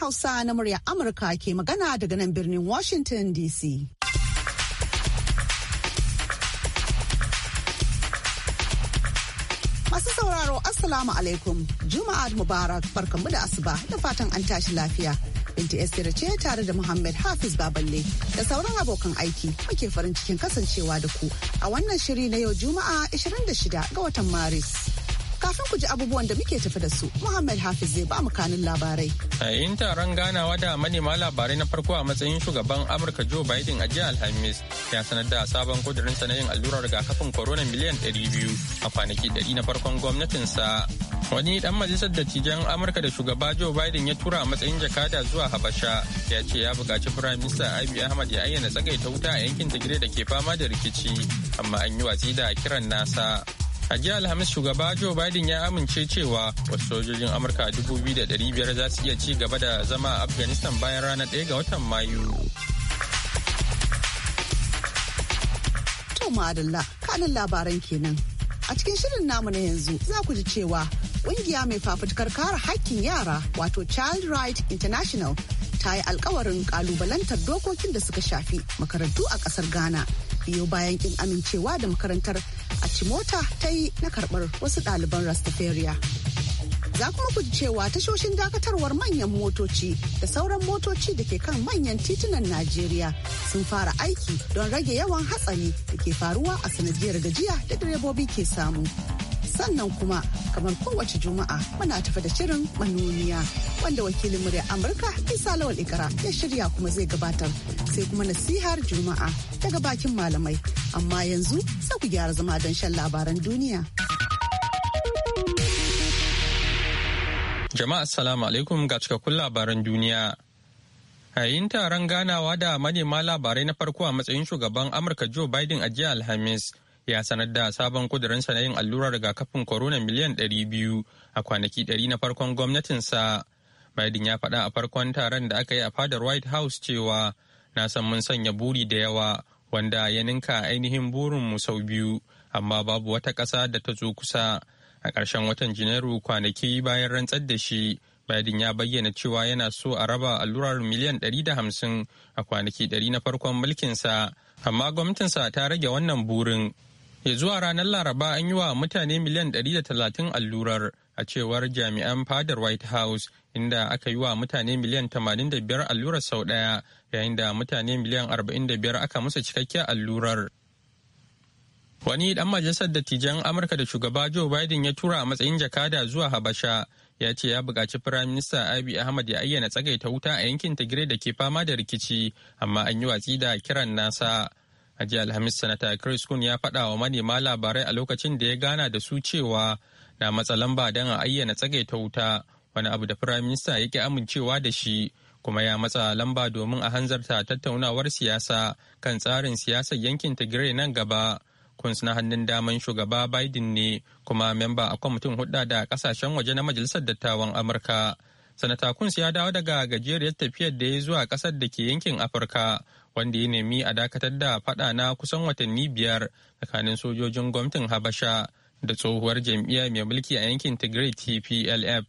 Hausa na murya Amurka ke magana daga nan birnin Washington DC. Masu sauraro Assalamu alaikum Juma'a Mubarak barkanmu da asuba da fatan an tashi lafiya. Binta Esther ce tare da Muhammad Hafiz Baballe da sauran abokan aiki muke farin cikin kasancewa da ku a wannan shiri na yau Juma'a 26 ga watan Maris. Kafin ku ji abubuwan da muke tafi da su, Muhammad Hafiz zai ba mu kanin labarai. A yin taron ganawa da manema labarai na farko a matsayin shugaban Amurka Joe Biden a jiya Alhamis ya sanar da sabon sa na yin allurar rigakafin corona miliyan 200 a kwanaki 100 na farkon gwamnatinsa. Wani dan majalisar dattijan Amurka da shugaba Joe Biden ya tura a matsayin jakada zuwa Habasha ya ce ya buƙaci prime minister Abiy Ahmad ya ayyana tsagaita wuta a yankin Tigray da ke fama da rikici amma an yi watsi da kiran nasa. A jiya Alhamis shugaba Joe Biden ya amince cewa wasu sojojin Amurka 2,500 za su iya ci gaba da zama a Afghanistan bayan ranar 1 ga watan Mayu. To ma'adalla kanin labaran kenan. A cikin shirin namu na yanzu za ku ji cewa ƙungiya mai fafutukar kare haƙƙin yara wato Child Right International ta yi alkawarin kalubalantar dokokin da suka shafi makarantu a ƙasar Ghana. Biyo bayan kin amincewa da makarantar a mota ta yi na karɓar wasu ɗaliban Rastafariya. Za kuma ku cewa tashoshin dakatarwar manyan motoci da sauran motoci da ke kan manyan titunan Najeriya sun fara aiki don rage yawan hatsari da ke faruwa a sanadiyar gajiya da direbobi ke samu. sannan kuma kamar kowace juma'a muna tafa da shirin manuniya wanda wakilin murya amurka isa lawal ikara ya shirya kuma zai gabatar sai kuma nasihar juma'a daga bakin malamai amma yanzu sai ku gyara zama don shan labaran duniya. Jama'a assalamu alaikum ga cikakkun labaran duniya. Yayin taron ganawa da manema labarai na farko a matsayin shugaban Amurka Joe Biden a jiya Alhamis ya sanar da sabon kudurinsa na yin allurar rigakafin korona miliyan 200 a kwanaki 100 na farkon gwamnatinsa. Biden ya faɗa a farkon taron da aka yi a fadar White House cewa na san mun sanya buri da yawa wanda ya ninka ainihin burinmu sau biyu amma babu wata ƙasa da ta zo kusa a ƙarshen watan janairu kwanaki bayan rantsar da shi biden ya bayyana cewa yana so a raba allurar miliyan 150 a kwanaki 100 na farkon mulkinsa amma gwamnatinsa ta rage wannan burin ya zuwa ranar laraba an yi wa mutane miliyan 130 allurar a cewar jami'an fadar white house inda aka yi wa mutane miliyan 85 allurar sau daya yayin da mutane miliyan 45 aka musu cikakke allurar. Wani dan majalisar dattijan Amurka da shugaba Joe Biden ya tura a matsayin jakada zuwa Habasha ya ce ya buƙaci firaminista Minista Abiy Ahmad ya ayyana tsagaita wuta a yankin Tigray da ke fama da rikici, amma an yi watsi da kiran nasa. A jiya Alhamis Sanata Chris Kun ya faɗa wa manema labarai a lokacin da ya gana da su cewa na matsa lamba don a ayyana tsagaita wuta wani abu da firaminista ya ƙi amincewa da shi kuma ya matsa lamba domin a hanzarta tattaunawar siyasa kan tsarin siyasar yankin tigray nan gaba kuns na hannun daman shugaba biden ne kuma memba a kwamitin hudda da kasashen waje na majalisar dattawan amurka sanata kuns ya dawo daga gajeriyar tafiyar da ya zuwa kasar da ke yankin afirka wanda ya nemi a dakatar da fada na kusan watanni biyar tsakanin sojojin gwamnatin habasha da tsohuwar jam'iyya mai mulki a yankin tigray tplf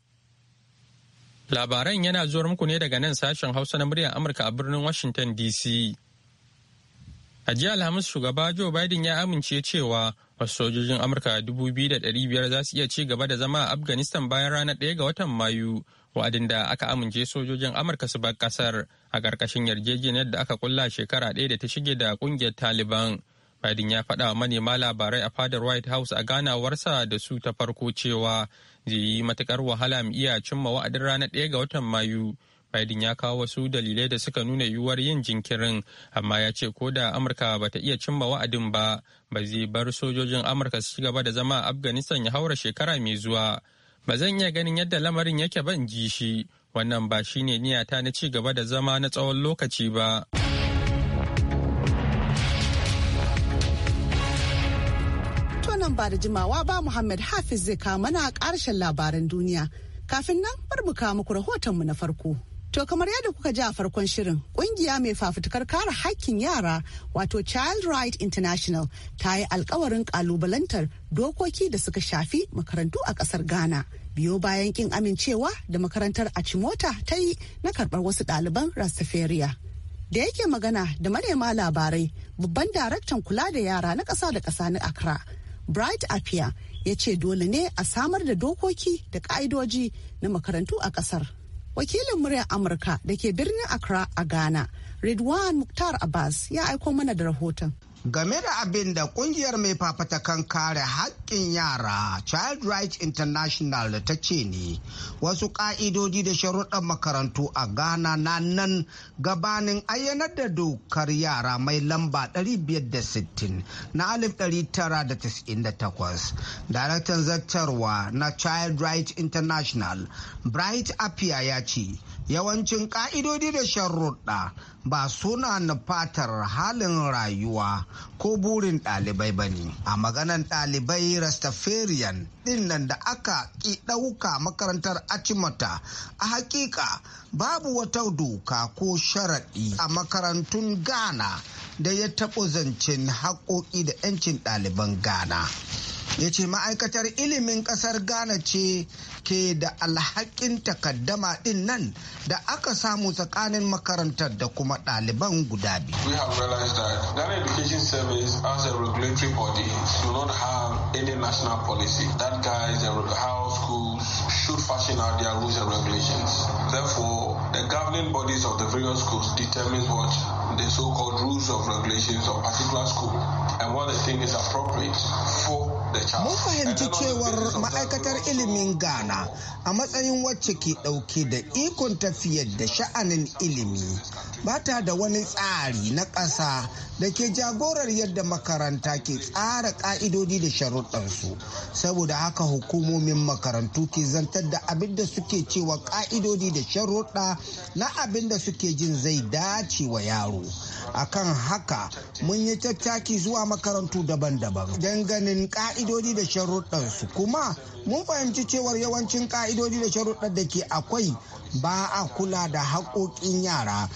Labaran yana zuwa muku ne daga nan sashen Hausa na muryar Amurka a birnin Washington DC. A jiya Alhamis shugaba Joe Biden ya amince cewa wasu sojojin Amurka 2,500 za su iya ci gaba da zama a Afghanistan bayan ranar 1 ga watan Mayu, wa'adin da aka amince sojojin Amurka su bar kasar a ƙarƙashin yarjejeniyar da aka kulla shekara ɗaya da ta shige da ƙungiyar Taliban. Biden ya faɗa wa manema labarai a fadar White House a ganawarsa da su ta farko cewa zai yi matukar wahala mu iya cimma wa'adin ranar ɗaya ga watan Mayu. Biden ya kawo wasu dalilai da suka nuna yiwuwar yin jinkirin, amma ya ce ko da Amurka ba ta iya cimma wa'adin ba, ba zai bar sojojin Amurka su ci gaba da zama a Afghanistan ya haura shekara mai zuwa. Ba zan iya ganin yadda lamarin yake ban ji shi, wannan ba shi ne niyata na ci gaba da zama na tsawon lokaci ba. nan ba da jimawa ba Muhammad Hafiz zai kawo mana ƙarshen labaran duniya. Kafin nan bar mu kawo muku rahotonmu na farko. To kamar yadda kuka ji a farkon shirin ƙungiya mai fafutukar kare haƙƙin yara wato Child Right International ta yi alkawarin kalubalantar dokoki da suka shafi makarantu a ƙasar Ghana. Biyo bayan ƙin amincewa da makarantar Achimota ta yi na karɓar wasu ɗaliban Rastafariya. Da yake magana da manema labarai babban daraktan kula da yara na ƙasa da ƙasa na Accra bright apia ya ce dole ne a samar da dokoki da ka'idoji na makarantu a kasar wakilin muryar amurka da ke birnin accra a ghana redwan muktar abbas ya aiko mana da rahoton game da abin da kungiyar mai fafatakan kare haƙƙin yara child rights international ta ce ne wasu ƙa'idodi da sharuɗan makarantu a ghana na nan gabanin ayyanar da dokar yara mai lamba 560 na 1998 daraktan zartarwa na child rights international bright apia ya ce yawancin ƙa'idodi da sharuɗa ba suna nufatar halin rayuwa ko burin ɗalibai ba ne. A maganan ɗalibai Rastafarian ɗin nan da aka ƙi ɗauka makarantar Achimota a hakika babu wata doka ko sharaɗi a makarantun Ghana da ya taɓa zancen haƙoƙi da 'yancin ɗaliban Ghana. ya ce ma'aikatar ilimin kasar ghana ce ke da alhakin takaddama din nan da aka samu tsakanin makarantar da kuma ɗaliban guda biyu should fashion out their rules and regulations. Therefore, the governing bodies of the various schools determines what the so-called rules of regulations of particular school and what they think is appropriate for Mun fahimci cewar ma'aikatar ilimin Ghana a matsayin wacce ke ɗauke da ikon tafiyar da sha'anin ilimi ba ta da wani tsari na ƙasa da ke jagorar yadda makaranta ke tsara ƙa'idodi da sharuɗansu saboda haka hukumomin makarantu ke zantar da abin da suke cewa ƙa'idodi da sharuɗa na abin da suke jin zai dace wa yaro akan haka mun yi tattaki zuwa makarantu daban-daban don ganin ƙa'idodi da sharuɗansu kuma mun fahimci cewar yawancin ƙa'idodi da sharuɗar da ke akwai ba a kula da haƙoƙin yara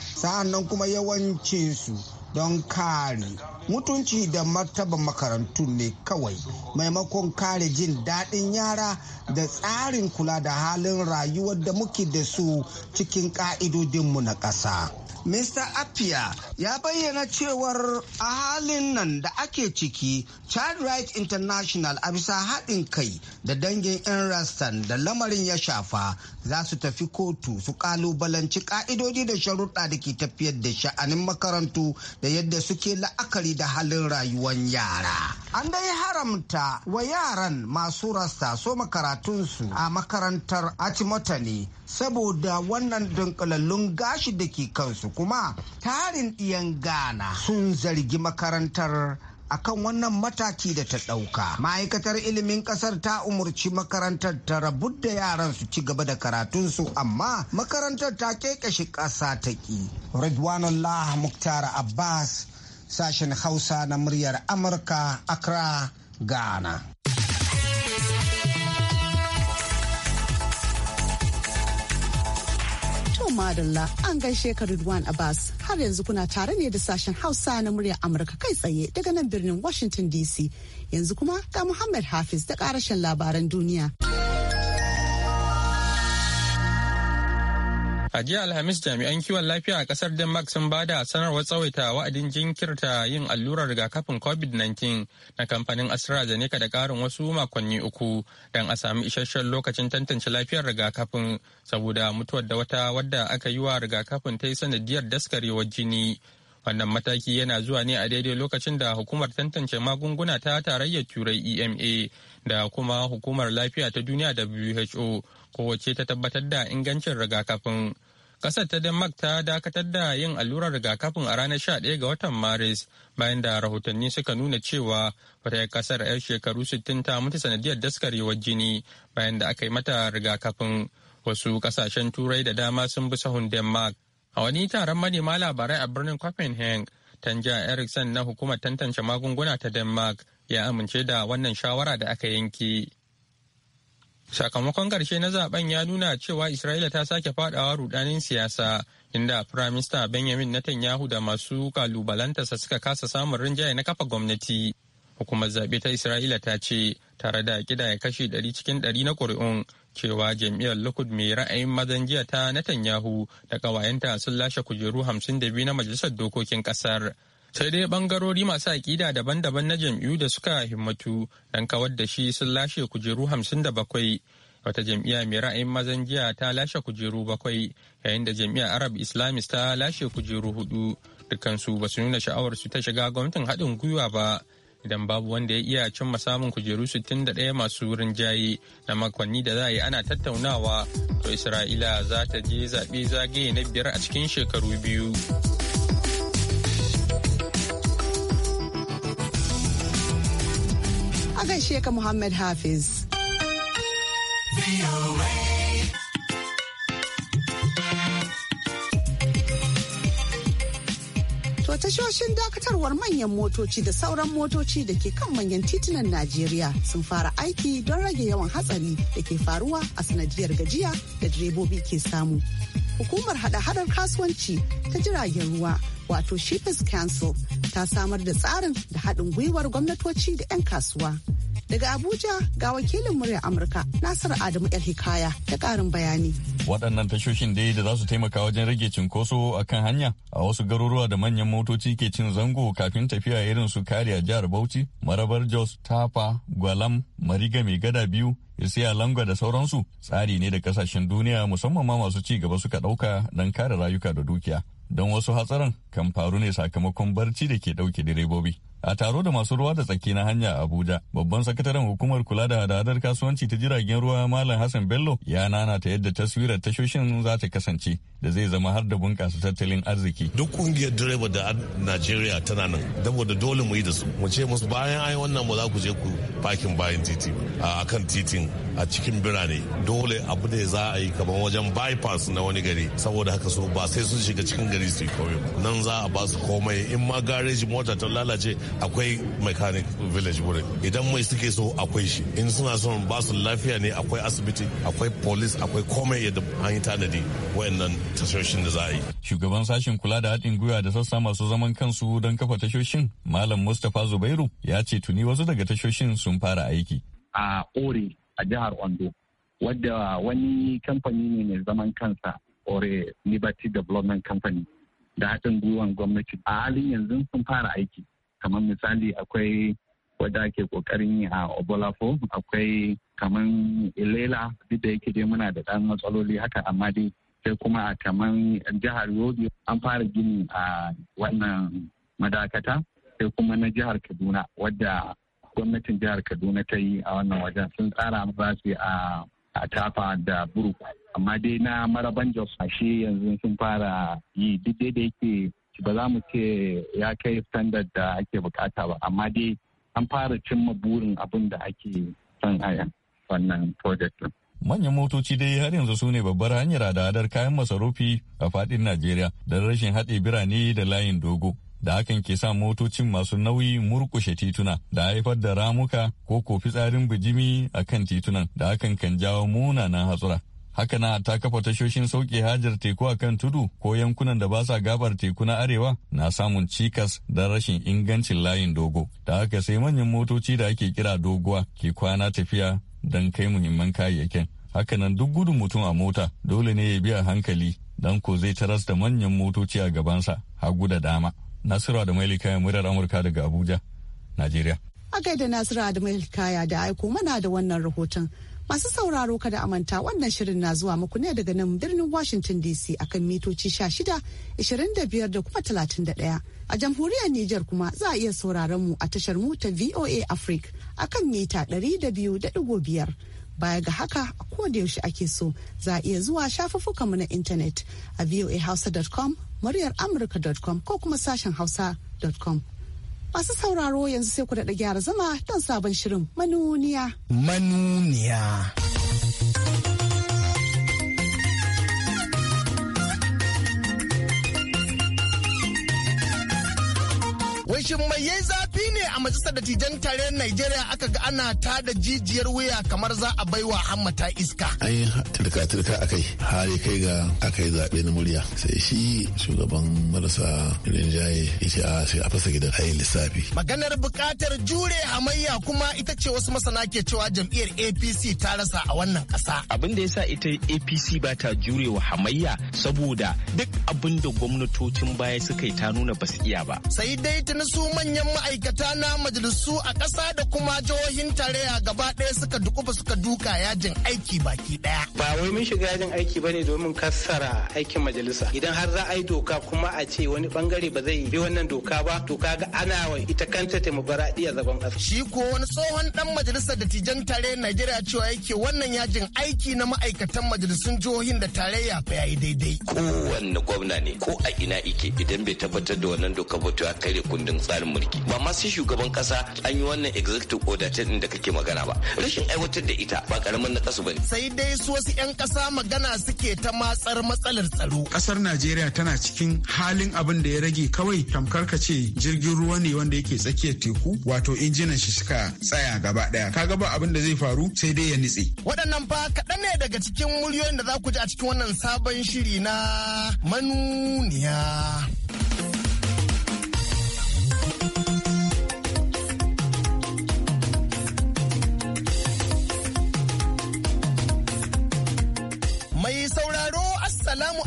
nan kuma yawancinsu don kare mutunci da martaba makarantu ne kawai maimakon kare jin daɗin yara da tsarin kula da halin rayuwar da muke da su cikin ƙa'idodinmu na ƙasa Mr. Appiah ya bayyana cewar a halin nan da ake ciki Child Rights International a bisa haɗin kai da dangin 'yan rastan da lamarin ya shafa za su tafi kotu su kalubalanci ka'idodi da sharuɗa da ke tafiyar da sha'anin makarantu da yadda suke la'akari da halin rayuwar yara. An dai haramta wa yaran masu rasta so makarantunsu a makarantar Atimotani saboda wannan dunkulallun gashi da ke kansu kuma tarin ɗiyan ghana sun zargi makarantar akan wannan mataki da ta ɗauka. Ma'aikatar ilimin ƙasar ta umurci makarantar ta rabu da yaran su ci gaba da karatunsu amma makarantar ta kekashe ƙasa ta ƙi. Ridwanullah Muktar Abbas sashen Hausa na muryar Amurka Accra, Ghana. madalla an gaishe ka Ridwan Abbas har yanzu kuna tare ne da sashen Hausa na muryar Amurka kai tsaye daga nan birnin Washington DC. Yanzu kuma ga Muhammad Hafiz da karashen labaran duniya. A jiya Alhamis jami'an kiwon lafiya a kasar Denmark sun ba da sanarwar tsawaita wa'adin jinkirta yin allurar rigakafin COVID-19 na kamfanin AstraZeneca da karin wasu makonni uku don a sami isasshen lokacin tantance lafiyar rigakafin saboda mutuwar da wata wadda aka yi wa rigakafin ta yi sanadiyar daskarewar jini Wannan mataki yana zuwa ne a daidai lokacin da hukumar tantance magunguna ta tarayyar turai EMA da kuma hukumar lafiya ta duniya WHO kowace ta tabbatar da ingancin rigakafin. Kasar ta Denmark ta dakatar da yin allurar rigakafin a ranar 11 ga watan Maris bayan da rahotanni suka nuna cewa wata kasar 'yar shekaru 60 ta mutu sanadiyar daskarewar jini bayan da aka yi mata rigakafin. Wasu kasashen turai da dama sun bi sahun Denmark. A wani taron manema labarai a birnin Copenhagen, Tanja Eriksson na hukumar tantance magunguna ta Denmark ya amince da wannan shawara da aka yanke. Sakamakon karshe na zaben ya nuna cewa Isra'ila ta sake fadawa rudanin siyasa inda Firaminista Benjamin Netanyahu da masu kalubalantarsa suka kasa samun rinjaye na kafa gwamnati. Hukumar zaɓe ta Isra'ila ta ce tare da ya kashe ɗari cikin ɗari na ƙuri'un cewa jam'iyyar Likud mai ra'ayin mazan jiya ta Netanyahu da ƙawayenta sun lashe kujeru 52 na majalisar dokokin ƙasar. Sai dai ɓangarori masu aƙida daban-daban na jam'iyyu da suka himmatu don kawar da shi sun lashe kujeru 57. Wata jam'iyya mai ra'ayin mazan jiya ta lashe kujeru bakwai yayin da jam'iyyar Arab Islamist ta lashe kujeru hudu. Dukansu ba su nuna sha'awar su ta shiga gwamnatin haɗin gwiwa ba idan babu wanda ya iya cimma samun kujeru 61 masu wurin jayi na makonni da za a yi ana tattaunawa to isra'ila za ta je zaɓe zagaye na biyar a cikin shekaru biyu a gaishe ka muhammad hafiz wato tashoshin dakatarwar manyan motoci da sauran motoci da ke kan manyan titunan Najeriya sun fara aiki don rage yawan hatsari da ke faruwa a sanadiyar gajiya da direbobi ke samu. Hukumar hada-hadar kasuwanci ta jiragen ruwa wato Shippers Council ta samar da tsarin da haɗin gwiwar gwamnatoci da 'yan kasuwa Daga Abuja ga wakilin murya Amurka Nasir Adamu yar Hikaya da karin bayani. Waɗannan tashoshin dai da za su taimaka wajen rage cinkoso a kan hanya a wasu garuruwa da manyan motoci ke cin zango kafin tafiya irin su kariya jihar Bauchi, Marabar Jos, Tafa, Gwalam, Mariga mai gada biyu, Isiya Langa da sauransu tsari ne da kasashen duniya musamman ma masu ci gaba suka ɗauka don kare rayuka da dukiya. Don wasu hatsarin kan faru ne sakamakon barci da ke ɗauke direbobi. A taro da masu ruwa da tsaki na hanya Abuja, babban sakataren hukumar kula da hadadar kasuwanci ta jiragen ruwa Malam Hassan Bello ya ta yadda taswirar tashoshin za ta kasance da zai zama har da bunƙasa tattalin arziki. Duk kungiyar direba da Najeriya tana nan, saboda dole mu yi da su. Mu ce musu bayan ayi wannan ba za ku je ku fakin bayan titi a kan titin a cikin birane. Dole abu ne za a yi kamar wajen bypass na wani gari saboda haka su ba sai sun shiga cikin gari su yi kawai. Nan za a ba su komai in ma gareji mota ta lalace akwai mechanic village wurin idan mai suke so akwai shi in suna son ba su lafiya ne akwai asibiti akwai police akwai komai yadda an yi tanadi wayannan tashoshin da za a yi shugaban sashen kula da haɗin gwiwa da sassa masu zaman kansu don kafa tashoshin malam mustapha zubairu ya ce tuni wasu daga tashoshin sun fara aiki a ore a jihar ondo wadda wani kamfani ne mai zaman kansa ore liberty development company da haɗin gwiwan gwamnati a halin yanzu sun fara aiki kamar misali akwai wadda ake kokarin yi a obolafo akwai kamar ilela duk da yake dai muna da ɗan matsaloli haka amma dai sai kuma a kamar jihar yobe an fara gini a wannan madakata sai kuma na jihar kaduna wadda gwamnatin jihar kaduna ta yi a wannan wajen sun tsara za su a a tafa da buruku amma dai na maraban jos a shi yanzu sun fara yi duk da yake ba za mu ce ya kai standard da ake bukata ba amma dai an fara cimma burin abin da ake son aya wannan project Manyan motoci dai har yanzu su ne babbar hanyar adadar kayan masarufi a fadin Najeriya da rashin haɗe birane da layin dogo. Da hakan ke sa motocin masu nauyi murkushe tituna da haifar da ramuka ko kofi tsarin bijimi a kan titunan da hakan kan jawo munanan hatsura. haka na ta kafa tashoshin sauke hajar teku a kan tudu ko yankunan da ba sa gabar teku na arewa na samun cikas da rashin ingancin layin dogo. Da haka sai manyan motoci da ake kira doguwa ke kwana tafiya don kai muhimman kayayyakin. Hakanan duk gudun mutum a mota dole ne ya biya hankali don ko zai taras da manyan motoci a gabansa hagu da dama. Nasiru da Mailika murar Amurka daga Abuja, Najeriya. a gaida Nasiru Adamu Kaya da aiko mana da wannan rahoton. Masu sauraro kada a manta wannan shirin na zuwa muku ne daga nan birnin Washington DC akan mitoci 16, da kuma 31. A jamhuriyar Nijar kuma za a iya sauraron mu a tashar mu ta VOA Africa akan mita 200.5. Baya ga haka a yaushe ake so za a iya zuwa mu na intanet a voahausa.com, muryar amurka.com ko kuma sashen hausa.com. Masu sauraro yanzu sai ku daɗa gyara zama don sabon shirin manuniya. Manuniya. Wishin mai yai ne a majalisar dattijan tarayyar Najeriya aka ga ana ta da jijiyar wuya kamar za a baiwa hammata iska. Ai tilka tilka akai hare kai ga akai zaɓe na murya sai shi shugaban marasa rinjaye ya ce a sai a fasa gidan ayin lissafi. Maganar buƙatar jure hamayya kuma ita ce wasu masana ke cewa jam'iyyar APC ta rasa a wannan ƙasa. Abin da ya sa ita APC ba ta jurewa hamayya saboda duk abin da gwamnatocin baya suka yi ta nuna ba su iya ba. Sai dai tuni su manyan ma'aikata rana majalisu a ƙasa da kuma jihohin tarayya gaba ɗaya suka dukufa suka duka yajin aiki baki ɗaya. Ba wai mun shiga yajin aiki ba ne domin kassara aikin majalisa. Idan har za a yi doka kuma a ce wani bangare ba zai bi wannan doka ba to kaga ana wa ita kanta ta demokaraɗiyya zaban ƙasa. Shi ko wani tsohon ɗan da dattijan tarayya Najeriya cewa yake wannan yajin aiki na ma'aikatan majalisun jihohin da tarayya ya yayi daidai. Kowanne gwamna ne ko a ina ike idan bai tabbatar da wannan doka ba to ya kare kundin tsarin mulki. Ba masu shi shugaban kasa an yi wannan executive order ta da kake magana ba rashin aiwatar da ita ba karamin na kasu bane sai dai su wasu yan kasa magana suke ta matsar matsalar tsaro kasar Najeriya tana cikin halin abin da ya rage kawai tamkar ka ce jirgin ruwa ne wanda yake tsakiyar teku wato injinan shi suka tsaya gaba daya kaga ba abin da zai faru sai dai ya nitse waɗannan fa kaɗan ne daga cikin muryoyin da za ku ji a cikin wannan sabon shiri na manuniya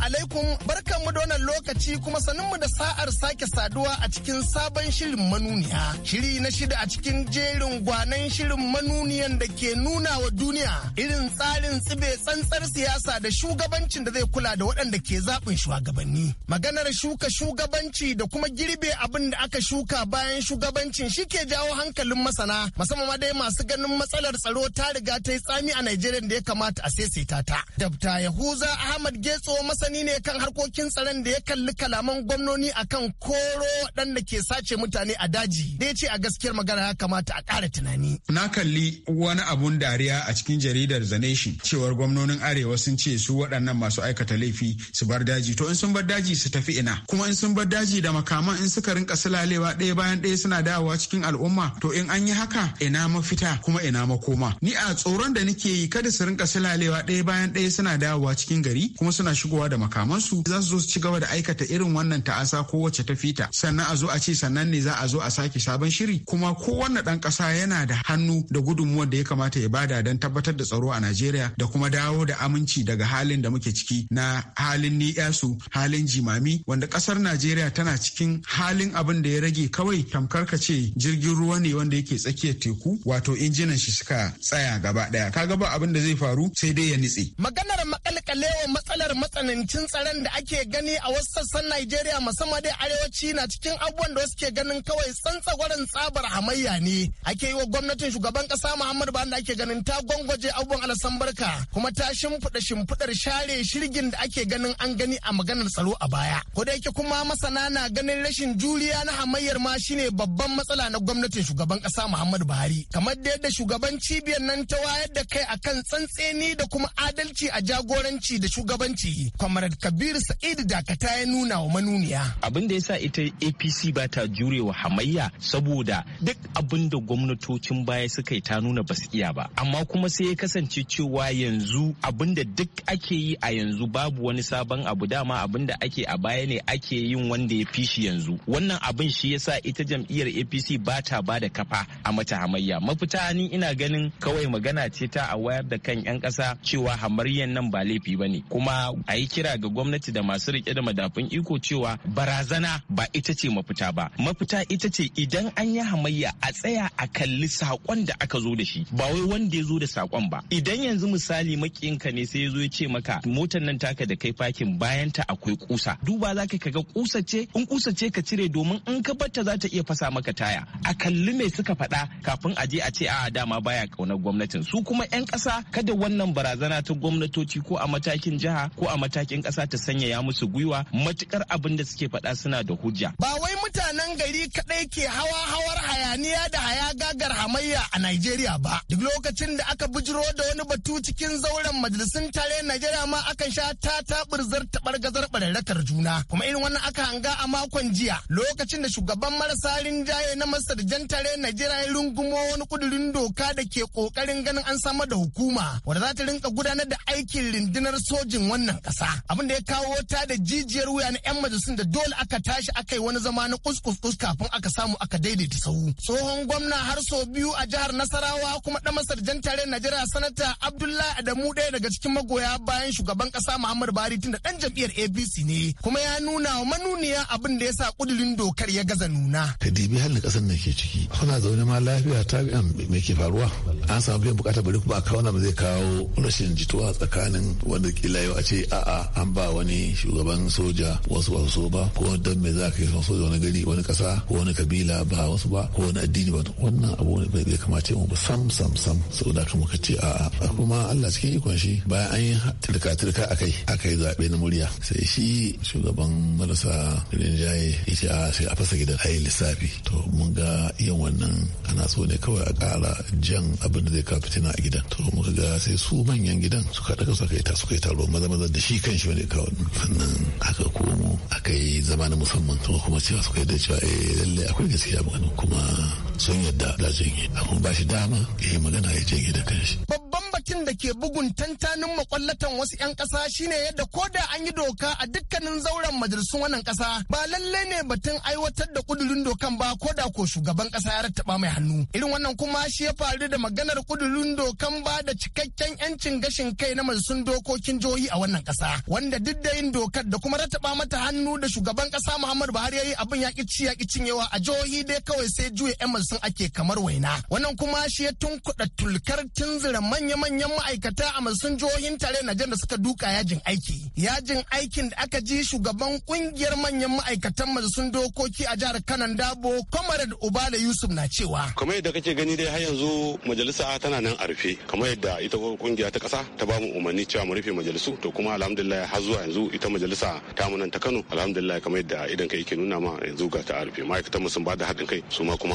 alaikum mu da wannan lokaci kuma sanin mu da sa'ar sake saduwa a cikin sabon shirin manuniya. Shiri na shida a cikin jerin gwanan shirin manuniyan da ke nuna wa duniya irin tsarin tsibe tsantsar siyasa da shugabancin da zai kula da waɗanda ke zaɓin shugabanni. Maganar shuka shugabanci da kuma girbe abin da aka shuka bayan shugabancin shi ke jawo hankalin masana musamman ma dai masu ganin matsalar tsaro ta riga ta yi tsami a Najeriya da ya kamata a saisaita ta. Dabta Yahuza Ahmad Getso masani gani ne kan harkokin tsaron da ya kalli kalaman gwamnoni akan koro waɗanda ke sace mutane a daji da ya ce a gaskiyar magana ya kamata a ƙara tunani. Na kalli wani abun dariya a cikin jaridar Zaneshi cewar gwamnonin Arewa sun ce su waɗannan masu aikata laifi su bar daji to in sun bar daji su tafi ina kuma in sun bar daji da makaman in suka rinka silalewa ɗaya bayan ɗaya suna dawowa cikin al'umma to in an yi haka ina mafita kuma ina makoma ni a tsoron da nake yi kada su rinka silalewa ɗaya bayan ɗaya suna dawowa cikin gari kuma suna shigowa da makamansu za su zo su ci gaba da aikata irin wannan ta'asa ko wacce ta fita sannan a zo a ce sannan ne za a zo a sake sabon shiri kuma kowanne ɗan ƙasa yana da hannu da gudunmuwar da ya kamata ya bada don tabbatar da tsaro a Najeriya da kuma dawo da aminci daga halin da muke ciki na halin ni'yasu halin jimami wanda ƙasar Najeriya tana cikin halin abin da ya rage kawai tamkar ka ce jirgin ruwa ne wanda yake tsakiyar teku wato injinan shi suka tsaya gaba daya. kaga ba abin da zai faru sai dai ya nitse. Maganar makalkalewa matsalar matsananci matakin tsaron da ake gani a wasu sassan Najeriya musamman dai arewaci na cikin abubuwan da wasu ke ganin kawai tsantsagwarin tsabar hamayya ne. Ake yi wa gwamnatin shugaban kasa Muhammadu Buhari da ake ganin ta gwangwaje abubuwan alasan barka kuma ta shimfiɗa shimfiɗar share shirgin da ake ganin an gani a maganar tsaro a baya. Ko da yake kuma masana na ganin rashin juriya na hamayyar ma shine babban matsala na gwamnatin shugaban kasa Muhammadu Buhari. Kamar da yadda shugaban cibiyar nan ta wayar da kai akan tsantseni da kuma adalci a jagoranci da shugabanci. Kwamar comrade kabir sa'id dakata ya nuna wa manuniya abin da yasa ita apc ba ta wa hamayya saboda duk abin da gwamnatocin baya suka yi ta nuna ba iya ba amma kuma sai ya kasance cewa yanzu abin da duk ake yi a yanzu babu wani sabon abu dama abin da ake a baya ne ake yin wanda ya fi shi yanzu wannan abin shi yasa ita jam'iyyar apc ba ta ba da kafa a mata hamayya mafita ni ina ganin kawai magana ce ta a wayar da kan 'yan ƙasa cewa hamayyan nan ba laifi ba ne kuma a yi kira kira ga gwamnati da masu rike da madafun iko cewa barazana ba ita ce mafita ba mafita ita ce idan an yi hamayya a tsaya a kalli sakon da aka zo da shi ba wai wanda ya zo da sakon ba idan yanzu misali makiyinka ne sai ya zo ya ce maka motar nan taka da kai fakin bayan ta akwai kusa duba za ka kaga kusa ce in kusa ce ka cire domin in ka batta za ta iya fasa maka taya a kalli mai suka faɗa kafin a je a ce a dama baya kaunar gwamnatin su kuma 'yan ƙasa kada wannan barazana ta gwamnatoci ko a matakin jiha ko a matakin kasa ta sanyaya musu gwiwa matukar abin da suke faɗa suna da hujja. Ba wai mutanen gari kaɗai ke hawa hawar hayaniya da haya gagar hamayya a Najeriya ba. Duk lokacin da aka bujiro da wani batu cikin zauren majalisun tare Najeriya ma akan sha ta ta taɓar gazar ɓararrakar juna. Kuma irin wannan aka hanga a makon jiya lokacin da shugaban marasa rinjaye na Masar jan tare Najeriya ya rungumo wani kudurin doka da ke ƙoƙarin ganin an samar da hukuma wadda za ta rinka gudanar da aikin rundunar sojin wannan ƙasa. abin da ya kawo ta da jijiyar wuya na 'yan majalisun da dole aka tashi aka yi wani zama na kuskus kafin aka samu aka daidaita sahu tsohon gwamna har sau biyu a jihar nasarawa kuma dan jan tare najeriya sanata abdullahi adamu ɗaya daga cikin magoya bayan shugaban ƙasa muhammadu buhari tun da ɗan jam'iyyar apc ne kuma ya nuna wa manuniya abin da ya sa kudirin dokar ya gaza nuna ka dibi halin ƙasar da ke ciki kuna zaune ma lafiya ta me ke faruwa an samu biyan bukata bari kuma a kawo zai kawo rashin jituwa tsakanin wanda kila yau a ce a'a an ba wani shugaban soja wasu ba so ba ko don me za ka yi soja wani gari wani kasa ko wani kabila ba wasu ba ko wani addini ba wannan abu ne bai kamace mu ba sam sam sam kuma ka muka ce a kuma Allah cikin ikon shi bayan an yi turka-turka akai akai zaɓe na murya sai shi shugaban marasa rinjaye ya ce a sai a fasa gidan ayi lissafi to mun ga yin wannan ana so ne kawai a ƙara jan abin da zai kawo fitina a gidan to muka ga sai su manyan gidan suka ɗaga suka yi suka yi taro maza maza da shi kan shi wani kawo sannan aka komo aka yi zama na musamman kuma kuma cewa suka da cewa eh lalle akwai gaskiya magana kuma sun yadda da zan yi kuma ba shi dama ya yi magana ya je da kanshi. babban bakin da ke bugun tantanin makwallatan wasu 'yan kasa shine yadda ko da an yi doka a dukkanin zauren majalisun wannan kasa ba lalle ne batun aiwatar da kudurin dokan ba ko da ko shugaban kasa ya rattaba mai hannu irin wannan kuma shi ya faru da maganar kudurin dokan ba da cikakken 'yancin gashin kai na majalisun dokokin jihohi a wannan kasa wanda duk da yin dokar da kuma rattaba mata hannu da shugaban kasa Muhammadu Buhari yayi abin ya ci ya cinyewa a jihohi dai kawai sai juya ɗan majalisun ake kamar waina wannan kuma shi ya tunkuɗa tulkar tunzura manya-manyan ma'aikata a masun jihohin tare na jan da suka duka yajin aiki yajin aikin da aka ji shugaban kungiyar manyan ma'aikatan majalisun dokoki a jihar kanon Dabo Comrade da Yusuf na cewa kamar yadda kake gani dai har yanzu majalisa tana nan a rufe kamar yadda ita kungiya ta kasa ta ba mu umarni cewa mu rufe majalisu to kuma alhamdulillah har zuwa yanzu ita majalisa ta munan ta Kano alhamdulillah kamar yadda idan kai yake nuna ma yanzu ga ta arfe ma'aikatan mu sun ba da haɗin kai su ma kuma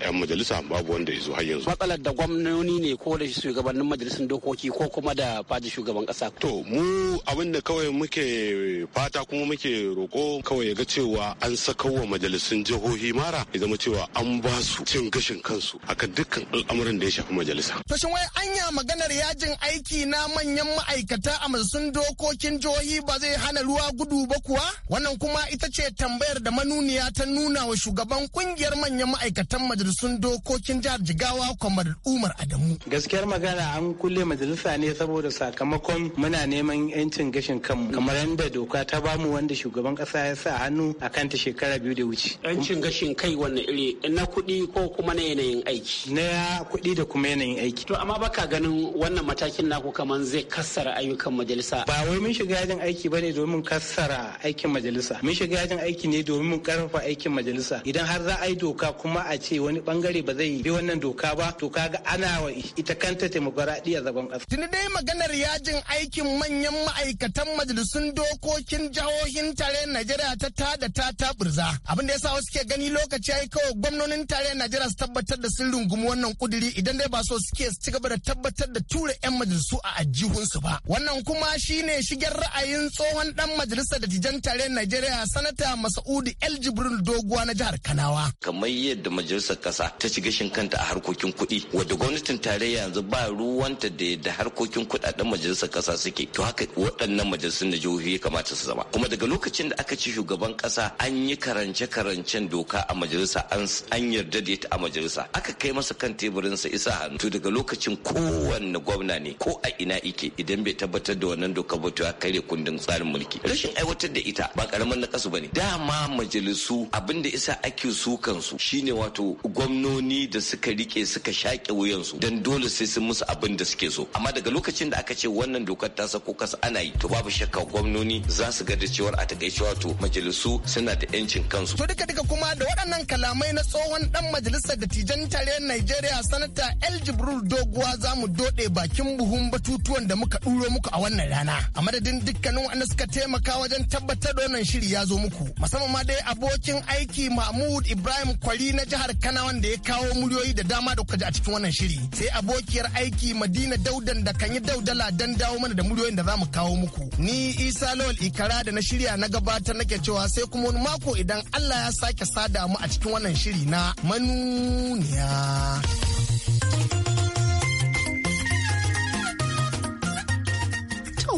yan majalisa babu wanda ya zo har yanzu. Matsalar da gwamnoni ne ko da shugabannin majalisun dokoki ko kuma da faji shugaban kasa. To mu abin da kawai muke fata kuma muke roko kawai ya ga cewa an sakawa majalisun jihohi mara ya zama cewa an ba su cin gashin kansu akan dukkan al'amuran da ya shafi majalisa. To shin wai anya maganar yajin aiki na manyan ma'aikata a majalisun dokokin jihohi jihohi ba zai hana ruwa gudu ba kuwa? Wannan kuma ita ce tambayar da manuniya ta nuna wa shugaban kungiyar manyan ma'aikatan majalisun dokokin jihar Jigawa Kwamar Umar Adamu. Gaskiyar magana an kulle majalisa ne saboda sakamakon muna neman 'yancin gashin kanmu kamar yadda doka ta bamu wanda shugaban kasa ya sa hannu a kanta shekara biyu da wuce. 'Yancin gashin kai wannan iri na kuɗi ko kuma na yanayin aiki. Na kuɗi da kuma yanayin aiki. To amma baka ganin wannan matakin naku kamar zai kassara ayyukan majalisa. Ba wai mun shiga yajin aiki ba ne domin kassara aikin majalisa mun shiga yajin aiki ne domin karfafa aikin majalisa idan har za a yi doka kuma a ce wani bangare ba zai bi wannan doka ba to kaga ana wa ita kanta demokaradiyya zagon kasa tun dai maganar yajin aikin manyan ma'aikatan majalisun dokokin jihohin tare Najeriya ta ta da ta taburza abin da yasa wasu ke gani lokaci ai kawai gwamnonin tare Najeriya su tabbatar da sun rungumi wannan kuduri idan dai ba so suke su ci gaba da tabbatar da tura 'yan majalisu a ajihunsu ba wannan kuma shine shigar ra'ayin tsohon dan majalisar dattijan tare Najeriya sanata Masa'udu El Jibril Doguwa na jihar Kanawa. Kamar yadda majalisar kasa ta ci gashin kanta a harkokin kuɗi wadda gwamnatin tarayya yanzu ba ruwanta da yadda harkokin kuɗaɗen majalisar kasa suke to haka waɗannan majalisun na jihohi kamata su zama. Kuma daga lokacin da aka ci shugaban kasa an yi karance-karancen doka a majalisa an yarda da ita a majalisa aka kai masa kan teburinsa isa hannu to daga lokacin kowanne gwamna ne ko a ina ike idan bai tabbatar da wannan doka ba to ya kare shine kundin tsarin mulki rashin aiwatar da ita ba karamin na kasu bane dama majalisu abinda isa ake su kansu shine wato gwamnoni da suka rike suka shaƙe wuyansu dan dole sai sun musu abin da suke so amma daga lokacin da aka ce wannan dokar ta sako kasa ana yi to babu shakka gwamnoni za su ga da cewa a takaice wato majalisu suna da yancin kansu to duka duka kuma da waɗannan kalamai na tsohon dan majalisar dattijan tarayyar Najeriya sanata El Jibril Doguwa za mu dode bakin buhun batutuwan da muka ɗuro muku a wannan rana a madadin dukkanin waɗanda suka taimaka wajen tabbatar da wannan shiri ya zo muku. Musamman ma dai abokin aiki Mahmud Ibrahim Kwari na jihar Kano wanda ya kawo muryoyi da dama da kuka ji a cikin wannan shiri. Sai abokiyar aiki Madina Daudan da kan yi daudala dan dawo mana da muryoyin da za mu kawo muku. Ni Isa Lawal Ikara da na shirya na gabatar nake cewa sai kuma wani mako idan Allah ya sake sada mu a cikin wannan shiri na manuniya.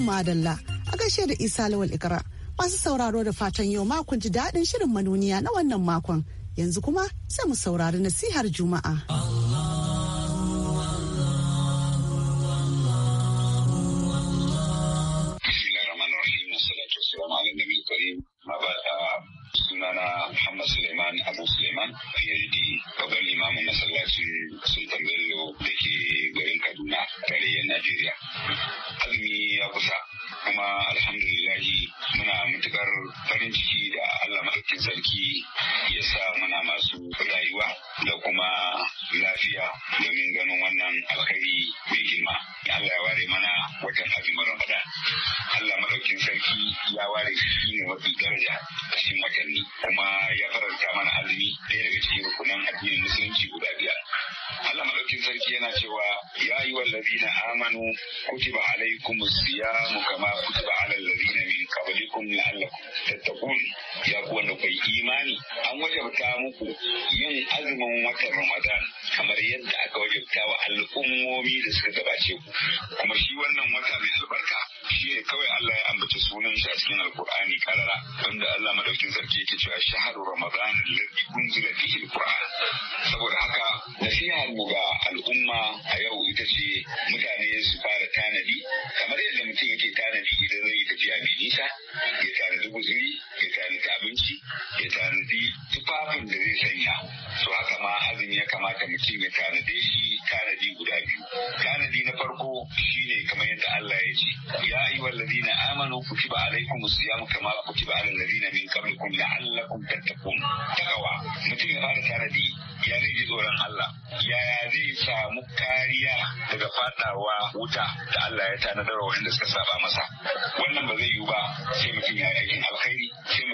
madalla. a gaishe da Isa Lawal Ikra. Masu sauraro da fatan yau makon ji daɗin shirin manuniya na wannan makon. Yanzu kuma sai mu saurari nasihar Juma'a. sunana Muhammad Suleiman Abu Suleiman PhD babban limamin masallacin Sultan Bello da ke garin Kaduna tarayyar Najeriya. Azumi ya kusa kuma alhamdulillahi muna matukar farin ciki da Allah maɗaukin sarki ya sa muna masu rayuwa da kuma lafiya domin ganin wannan alkhairi unzila fihi saboda haka nasihar mu ga al'umma a yau ita ce mutane su fara tanadi kamar yadda mutum yake tanadi idan zai yi tafiya mai nisa ya tanadi guzuri ya tanadi abinci ya tanadi tufafin da zai sanya to haka ma azumi ya kamata mutum ya tanade shi amanu kutiba alaykumus siyam kama kutiba alal ladina mutum ya fara tanadi ya zai ji tsoron Allah yaya zai samu kariya daga fadawa wuta da Allah ya da wa wanda suka saba masa wannan ba zai yiwu ba sai mutum ya aikin alkhairi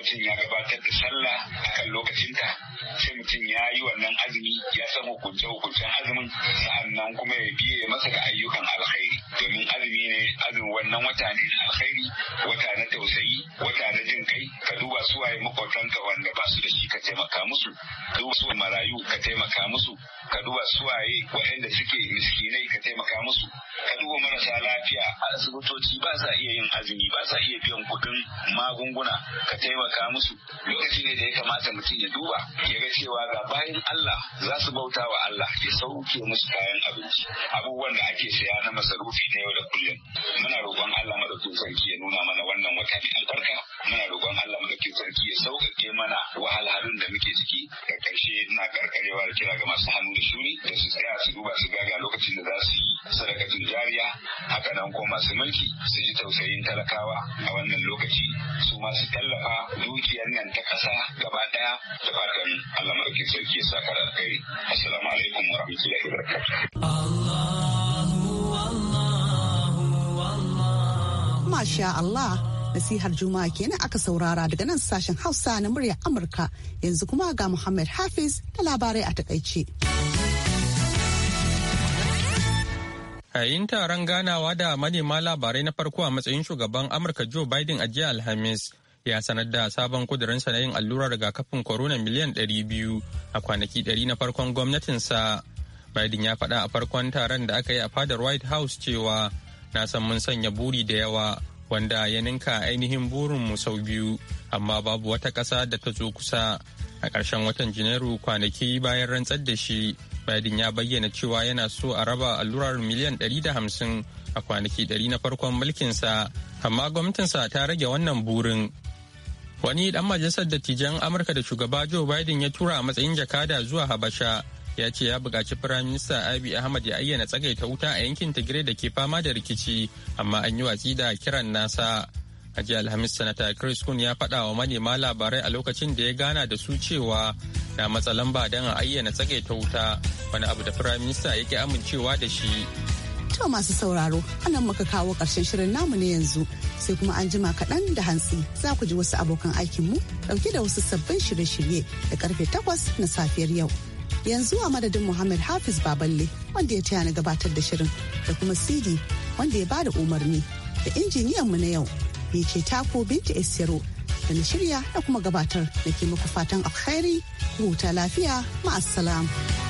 mutum ya gabatar da sallah akan lokacinta sai mutum ya yi wannan azumi ya san hukunce hukuncen azumin sa'annan kuma ya biye masa da ayyukan alkhairi domin azumi ne azumin wannan wata ne alkhairi wata na tausayi wata na jin kai ka duba su waye makwatanka wanda ba su da shi ka taimaka musu duba su marayu ka taimaka musu ka duba su waye waɗanda suke miskinai ka taimaka musu ka duba marasa lafiya a asibitoci ba sa iya yin azumi ba sa iya biyan kuɗin magunguna ka taimaka taimaka musu lokaci ne da ya kamata mutum ya duba ya ga cewa ga bayan Allah za su bauta wa Allah ya sauke musu kayan abinci abubuwan da ake saya na masarufi na yau da kullum muna roƙon Allah madaukakin sarki ya nuna mana wannan wata ne albarka muna roƙon Allah madaukakin sarki ya sauƙaƙe mana wahalhalun da muke ciki da ƙarshe ina karkarewa da kira ga masu hannu da shuri da su tsaya su duba su gaga lokacin da za su yi sadakatun jariya haka nan ko masu mulki su ji tausayin talakawa a wannan lokaci su ma su tallafa dukiyar nan ta kasa gaba daya da fatan Allah madaukin sarki ya saka da kai assalamu alaikum wa rahmatullahi wa barakatuh Masha Allah nasihar juma'a kenan aka saurara daga nan sashen hausa na murya amurka yanzu kuma ga muhammad hafiz da labarai a takaice yayin taron ganawa da manema labarai na farko a matsayin shugaban amurka joe biden a jiya alhamis ya sanar da sabon kudurinsa na yin allurar rigakafin korona miliyan 200 a kwanaki 100 na farkon gwamnatinsa. Biden ya faɗa a farkon taron da aka yi a fadar White House cewa na san mun sanya buri da yawa wanda ya ninka ainihin burinmu sau biyu amma babu wata ƙasa da ta zo kusa a karshen watan janairu kwanaki bayan rantsar da shi biden ya bayyana cewa yana so a raba allurar miliyan 150 a kwanaki 100 na farkon mulkinsa amma gwamnatinsa ta rage wannan burin wani dan majalisar dattijan amurka da shugaba joe biden ya tura a matsayin jakada zuwa habasha ya ce ya buƙaci firaminista abi ahmad ya ayyana tsagaita wuta a yankin tigray da ke fama da rikici amma an yi watsi da kiran nasa a jiya alhamis sanata chris kun ya faɗa wa manema labarai a lokacin da ya gana da su cewa na matsa lamba don a ayyana tsagaita wuta wani abu da firaminista yake amincewa da shi To masu sauraro, anan muka kawo ƙarshen shirin namu ne yanzu sai kuma an jima kaɗan da hantsi za ku ji wasu abokan aikinmu ɗauke da wasu sabbin shirye-shirye da karfe takwas na safiyar yau. Yanzu a madadin Muhammad Hafiz Baballe wanda ya taya na gabatar da shirin da kuma CD wanda ya ba da umarni da injiniyanmu na yau ya ce tako Binta Esiro da na shirya da kuma gabatar da ke muku fatan alkhairi huta lafiya ma'assalam.